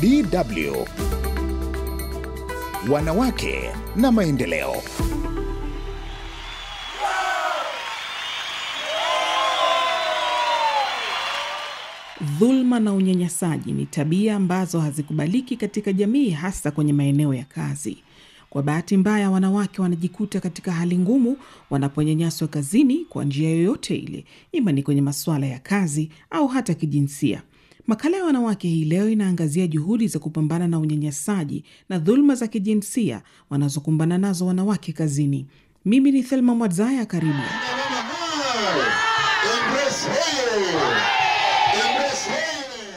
BW. Wanawake na Maendeleo. Dhulma na unyanyasaji ni tabia ambazo hazikubaliki katika jamii, hasa kwenye maeneo ya kazi. Kwa bahati mbaya, wanawake wanajikuta katika hali ngumu wanaponyanyaswa kazini kwa njia yoyote ile, ima ni kwenye masuala ya kazi au hata kijinsia. Makala ya wanawake hii leo inaangazia juhudi za kupambana na unyanyasaji na dhuluma za kijinsia wanazokumbana nazo wanawake kazini. Mimi ni Thelma Mwadzaya, karibu.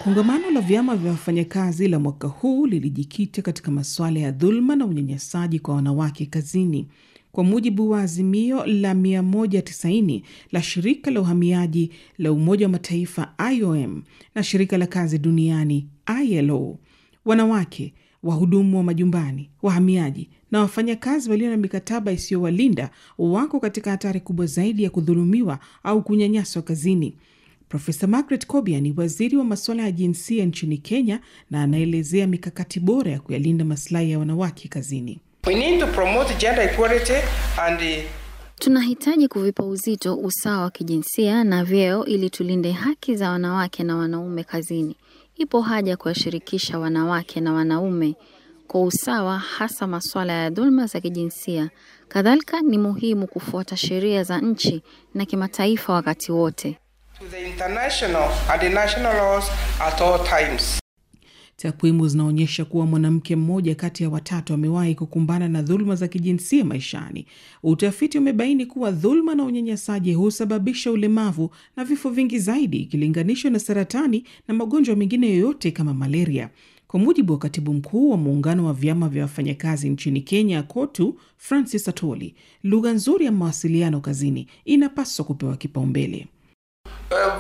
Kongamano la vyama vya wafanyakazi la mwaka huu lilijikita katika masuala ya dhuluma na unyanyasaji kwa wanawake kazini kwa mujibu wa azimio la 190 la shirika la uhamiaji la Umoja wa Mataifa IOM na shirika la kazi duniani ILO, wanawake, wahudumu wa majumbani, wahamiaji na wafanyakazi walio na mikataba isiyowalinda wako katika hatari kubwa zaidi ya kudhulumiwa au kunyanyaswa kazini. Profesa Margaret Kobia ni waziri wa masuala ya jinsia nchini Kenya na anaelezea mikakati bora ya kuyalinda masilahi ya wanawake kazini. We need to promote gender equality and Tunahitaji kuvipa uzito usawa wa kijinsia na vyeo ili tulinde haki za wanawake na wanaume kazini. Ipo haja kuwashirikisha wanawake na wanaume kwa usawa, hasa masuala ya dhulma za kijinsia. Kadhalika, ni muhimu kufuata sheria za nchi na kimataifa wakati wote. To the international and the national laws at all times. Takwimu zinaonyesha kuwa mwanamke mmoja kati ya watatu amewahi kukumbana na dhuluma za kijinsia maishani. Utafiti umebaini kuwa dhuluma na unyanyasaji husababisha ulemavu na vifo vingi zaidi ikilinganishwa na saratani na magonjwa mengine yoyote kama malaria. Kwa mujibu wa katibu mkuu wa muungano wa vyama vya wafanyakazi nchini Kenya, KOTU, Francis Atoli, lugha nzuri ya mawasiliano kazini inapaswa kupewa kipaumbele. Uh,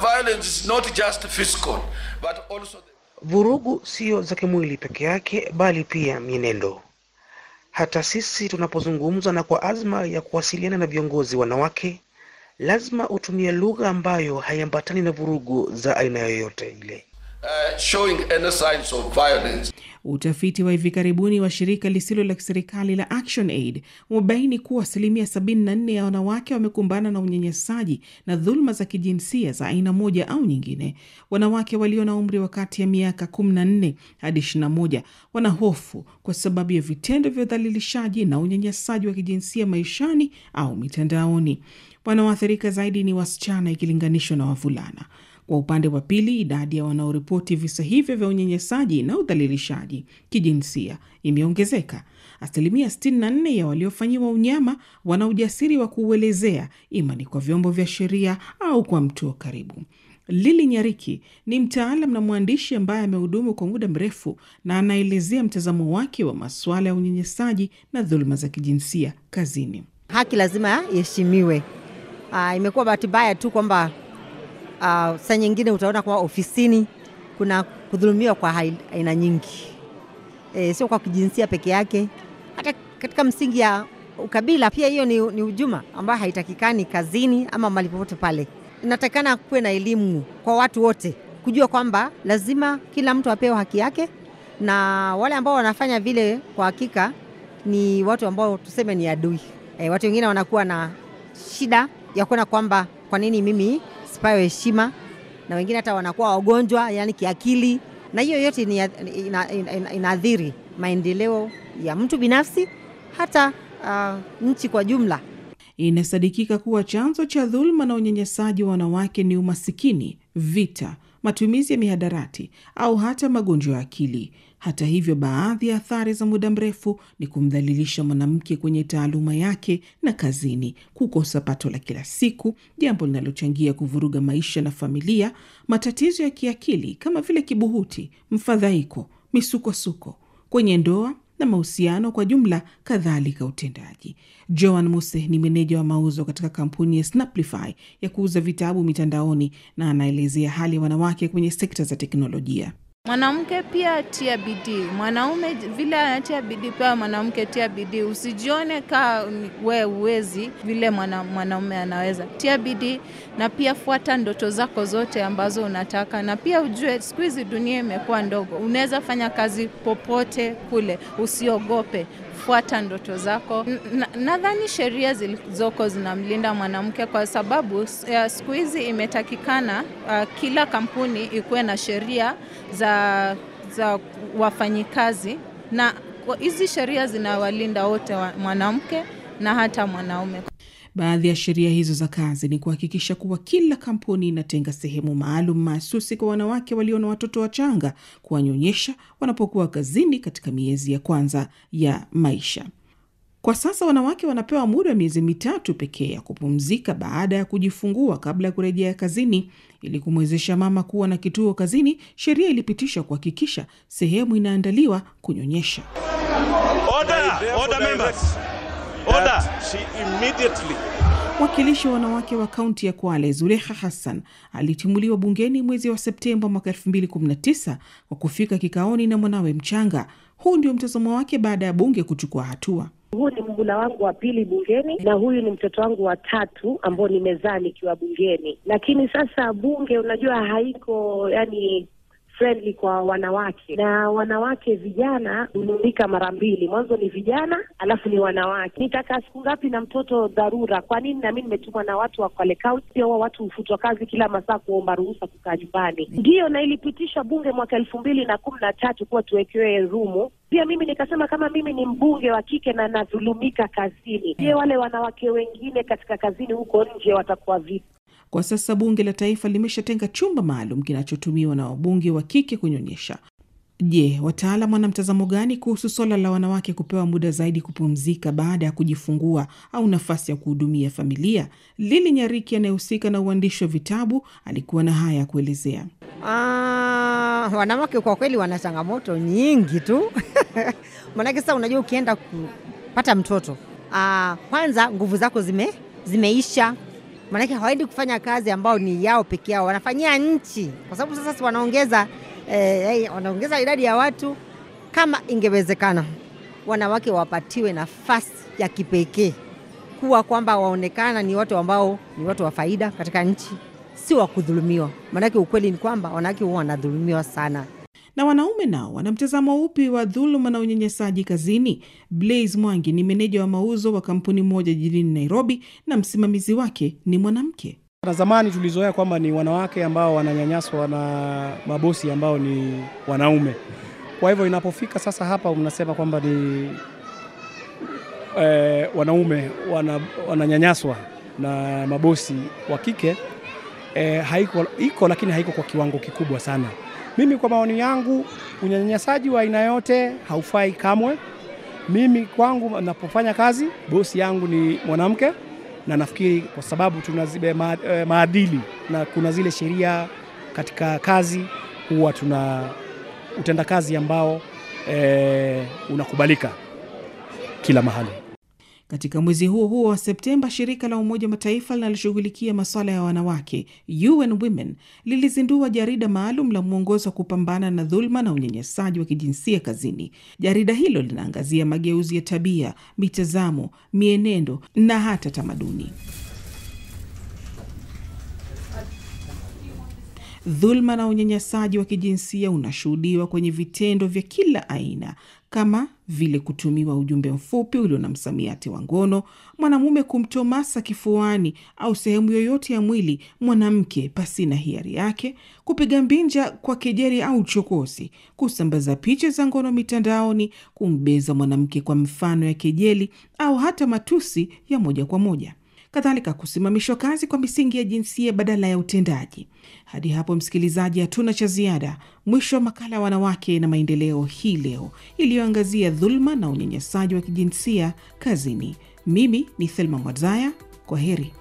Vurugu sio za kimwili peke yake, bali pia mienendo. Hata sisi tunapozungumza na kwa azma ya kuwasiliana na viongozi wanawake, lazima utumie lugha ambayo haiambatani na vurugu za aina yoyote ile. Uh, showing any signs of violence. Utafiti wa hivi karibuni wa shirika lisilo la kiserikali la Action Aid umebaini kuwa asilimia 74 ya wanawake wamekumbana na unyanyasaji na dhuluma za kijinsia za aina moja au nyingine. Wanawake walio na umri wa kati ya miaka 14 hadi 21 wana hofu kwa sababu ya vitendo vya udhalilishaji na unyanyasaji wa kijinsia maishani au mitandaoni. Wanaoathirika zaidi ni wasichana ikilinganishwa na wavulana. Kwa upande wa pili, idadi ya wanaoripoti visa hivyo vya unyanyasaji na udhalilishaji kijinsia imeongezeka. Asilimia 64 ya waliofanyiwa unyama wana ujasiri wa kuuelezea, ima ni kwa vyombo vya sheria au kwa mtu wa karibu. Lili Nyariki ni mtaalam na mwandishi ambaye amehudumu kwa muda mrefu na anaelezea mtazamo wake wa masuala ya unyanyasaji na dhuluma za kijinsia kazini. Haki lazima iheshimiwe. Ah, imekuwa bahati mbaya tu kwamba Uh, saa nyingine utaona kwa ofisini kuna kudhulumiwa kwa aina nyingi e, sio kwa kijinsia peke yake, hata katika msingi ya ukabila pia. Hiyo ni, ni ujuma ambayo haitakikani kazini ama mali popote pale. Inatakikana kuwe na elimu kwa watu wote kujua kwamba lazima kila mtu apewe haki yake, na wale ambao wanafanya vile kwa hakika ni watu ambao tuseme ni adui e, watu wengine wanakuwa na shida ya kuona kwamba kwa nini mimi wasipewe heshima, na wengine hata wanakuwa wagonjwa, yani kiakili, na hiyo yote inaathiri maendeleo ya mtu binafsi hata uh, nchi kwa jumla. Inasadikika kuwa chanzo cha dhuluma na unyanyasaji wa wanawake ni umasikini, vita matumizi ya mihadarati au hata magonjwa ya akili. Hata hivyo, baadhi ya athari za muda mrefu ni kumdhalilisha mwanamke kwenye taaluma yake na kazini, kukosa pato la kila siku, jambo linalochangia kuvuruga maisha na familia, matatizo ya kiakili kama vile kibuhuti, mfadhaiko, misukosuko kwenye ndoa na mahusiano kwa jumla, kadhalika utendaji. Joan Muse ni meneja wa mauzo katika kampuni ya Snaplify ya kuuza vitabu mitandaoni na anaelezea hali ya wanawake kwenye sekta za teknolojia. Mwanamke pia atia bidii, mwanaume vile anatia bidii pia mwanamke tia bidii. Usijione kaa we uwezi vile mwanaume anaweza. Tia bidii na pia fuata ndoto zako zote ambazo unataka, na pia ujue siku hizi dunia imekuwa ndogo, unaweza fanya kazi popote kule, usiogope. Fuata ndoto zako. Nadhani sheria zilizoko zinamlinda mwanamke kwa sababu siku hizi imetakikana uh, kila kampuni ikuwe na sheria za za, za wafanyikazi na hizi sheria zinawalinda wote wa, mwanamke na hata mwanaume. Baadhi ya sheria hizo za kazi ni kuhakikisha kuwa kila kampuni inatenga sehemu maalum mahususi kwa wanawake walio na watoto wachanga kuwanyonyesha wanapokuwa kazini katika miezi ya kwanza ya maisha. Kwa sasa wanawake wanapewa muda wa miezi mitatu pekee ya kupumzika baada ya kujifungua kabla ya kurejea kazini. Ili kumwezesha mama kuwa na kituo kazini, sheria ilipitishwa kuhakikisha sehemu inaandaliwa kunyonyesha. Order, order members. Order. She immediately Mwakilishi wa wanawake wa kaunti ya Kwale Zuleha Hassan alitimuliwa bungeni mwezi wa Septemba mwaka 2019 kwa kufika kikaoni na mwanawe mchanga. Huu ndio mtazamo wake baada ya bunge kuchukua hatua. Huu ni mhula wangu wa pili bungeni na huyu ni mtoto wangu wa tatu ambao nimezaa nikiwa bungeni. Lakini sasa bunge, unajua haiko yani friendly kwa wanawake na wanawake vijana hulumika mara mbili, mwanzo ni vijana alafu ni wanawake. Nitakaa siku ngapi na mtoto dharura? Kwa nini nami nimetumwa na watu wa watu hufutwa kazi kila masaa kuomba ruhusa kukaa nyumbani, ndiyo na ilipitisha bunge mwaka elfu mbili na kumi na tatu kuwa tuwekewe rumu pia mimi nikasema kama mimi ni mbunge wa kike na nadhulumika kazini, je, wale wanawake wengine katika kazini huko nje watakuwa vipi? Kwa sasa bunge la taifa limeshatenga chumba maalum kinachotumiwa na wabunge wa kike kunyonyesha. Je, wataalam wana mtazamo gani kuhusu swala la wanawake kupewa muda zaidi kupumzika baada ya kujifungua au nafasi ya kuhudumia familia? Lili Nyariki anayehusika na uandishi wa vitabu alikuwa na haya ya kuelezea. Ah, wanawake kwa kweli wana changamoto nyingi tu maanake sasa unajua ukienda kupata mtoto ah, kwanza nguvu zako zime, zimeisha maanake hawaendi kufanya kazi ambao ni yao peke yao, wanafanyia nchi, kwa sababu sasa wanaongeza eh, eh, wanaongeza idadi ya watu. Kama ingewezekana wanawake wapatiwe nafasi ya kipekee kuwa kwamba waonekana ni watu ambao ni watu wa faida katika nchi, si wa kudhulumiwa. Maanake ukweli ni kwamba wanawake huwa wanadhulumiwa sana. Na wanaume nao wana mtazamo upi wa dhuluma na unyenyesaji kazini? Blaise Mwangi ni meneja wa mauzo wa kampuni moja jijini Nairobi na msimamizi wake ni mwanamke. Na zamani tulizoea kwamba ni wanawake ambao wananyanyaswa na mabosi ambao ni wanaume. Kwa hivyo inapofika sasa hapa unasema kwamba ni e, wanaume wana, wananyanyaswa na mabosi wa kike e, iko lakini haiko kwa kiwango kikubwa sana. Mimi kwa maoni yangu, unyanyasaji wa aina yote haufai kamwe. Mimi kwangu, napofanya kazi, bosi yangu ni mwanamke, na nafikiri kwa sababu tuna zile eh, maadili na kuna zile sheria katika kazi, huwa tuna utendakazi ambao e, unakubalika kila mahali. Katika mwezi huo huo wa Septemba, shirika la Umoja wa Mataifa linaloshughulikia masuala ya wanawake UN Women lilizindua jarida maalum la mwongozo wa kupambana na dhuluma na unyanyasaji wa kijinsia kazini. Jarida hilo linaangazia mageuzi ya tabia, mitazamo, mienendo na hata tamaduni. Dhulma na unyanyasaji wa kijinsia unashuhudiwa kwenye vitendo vya kila aina kama vile kutumiwa ujumbe mfupi ulio na msamiati wa ngono, mwanamume kumtomasa kifuani au sehemu yoyote ya mwili mwanamke pasina hiari yake, kupiga mbinja kwa kejeli au chokosi kusambaza picha za ngono mitandaoni, kumbeza mwanamke kwa mfano ya kejeli au hata matusi ya moja kwa moja kadhalika kusimamishwa kazi kwa misingi ya jinsia badala ya utendaji. Hadi hapo msikilizaji, hatuna cha ziada. Mwisho wa makala ya wanawake na maendeleo hii leo iliyoangazia dhuluma na unyanyasaji wa kijinsia kazini. Mimi ni Thelma Mwadzaya, kwa heri.